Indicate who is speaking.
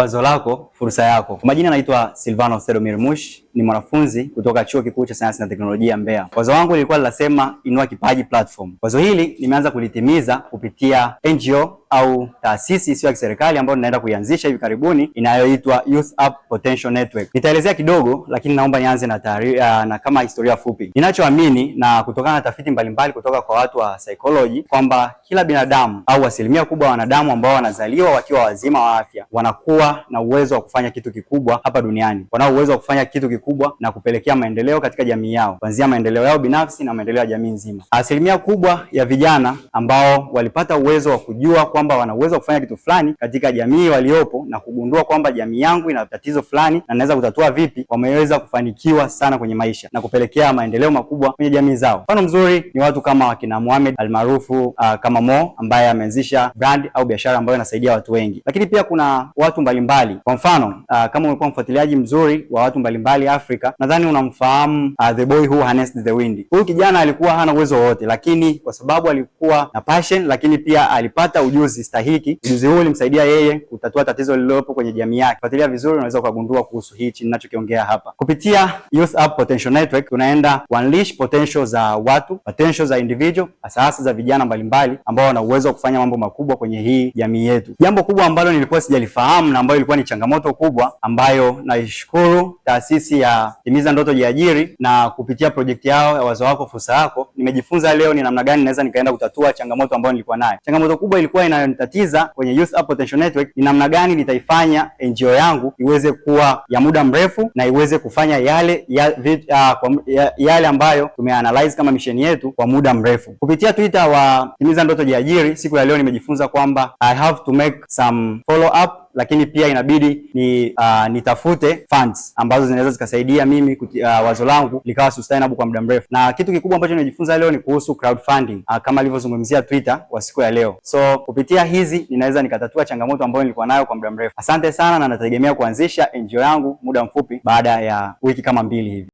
Speaker 1: Wazo lako fursa yako. Kwa majina naitwa Silvano Sedomir Mush, ni mwanafunzi kutoka Chuo Kikuu cha Sayansi na Teknolojia Mbeya. Wazo wangu lilikuwa linasema inua kipaji platform. Wazo hili nimeanza kulitimiza kupitia NGO au taasisi isiyo ya kiserikali ambayo ninaenda kuianzisha hivi karibuni inayoitwa Youth Up Potential Network. Nitaelezea kidogo, lakini naomba nianze na taarifa ah, na kama historia fupi. Ninachoamini na kutokana na tafiti mbalimbali kutoka kwa watu wa psychology kwamba kila binadamu au asilimia kubwa ya wanadamu ambao wanazaliwa wakiwa wazima wa afya wanakuwa na uwezo wa kufanya kitu kikubwa hapa duniani. Wanao uwezo wa kufanya kitu kikubwa na kupelekea maendeleo katika jamii yao, kuanzia maendeleo yao binafsi na maendeleo ya jamii nzima. Asilimia kubwa ya vijana ambao walipata uwezo wa kujua kwa kwamba wana uwezo kufanya kitu fulani katika jamii waliopo na kugundua kwamba jamii yangu ina tatizo fulani na naweza kutatua vipi, wameweza kufanikiwa sana kwenye maisha na kupelekea maendeleo makubwa kwenye jamii zao. Mfano mzuri ni watu kama wakina Mohamed almaarufu uh, kama Mo ambaye ameanzisha brand au biashara ambayo inasaidia watu wengi, lakini pia kuna watu mbalimbali. Kwa mfano uh, kama umekuwa mfuatiliaji mzuri wa watu mbalimbali Afrika, nadhani unamfahamu uh, the boy who harnessed the wind. Huyu kijana alikuwa hana uwezo wowote, lakini kwa sababu alikuwa na passion, lakini pia alipata ujuzi ujuzi stahiki. Ujuzi huu ulimsaidia yeye kutatua tatizo lililopo kwenye jamii yake. Fuatilia vizuri, unaweza ukagundua kuhusu hichi ninachokiongea hapa. Kupitia Youth Up Potential Network tunaenda kuunleash potential za watu, potential za individual, hasa hasa za vijana mbalimbali ambao wana uwezo wa kufanya mambo makubwa kwenye hii jamii yetu. Jambo kubwa ambalo nilikuwa sijalifahamu na ambayo ilikuwa ni changamoto kubwa ambayo naishukuru taasisi ya Timiza Ndoto Jiajiri na kupitia projekti yao ya Wazo Wako Fursa Yako nimejifunza leo ni namna gani naweza nikaenda kutatua changamoto ambayo nilikuwa nayo. Changamoto kubwa ilikuwa ina yananitatiza kwenye Youth Up Potential Network ni namna gani nitaifanya NGO yangu iweze kuwa ya muda mrefu na iweze kufanya yale ya, ah, kwa, ya, yale ambayo tumeanalyze kama misheni yetu kwa muda mrefu. Kupitia Twitter wa Timiza Ndoto Jiajiri, siku ya leo nimejifunza kwamba I have to make some follow up lakini pia inabidi ni uh, nitafute funds ambazo zinaweza zikasaidia mimi kuti, uh, wazo langu likawa sustainable kwa muda mrefu. Na kitu kikubwa ambacho nimejifunza leo ni kuhusu crowdfunding uh, kama alivyozungumzia Twitter kwa siku ya leo. So kupitia hizi ninaweza nikatatua changamoto ambayo nilikuwa nayo kwa muda mrefu. Asante sana, na nategemea kuanzisha NGO yangu muda mfupi baada ya wiki kama mbili hivi.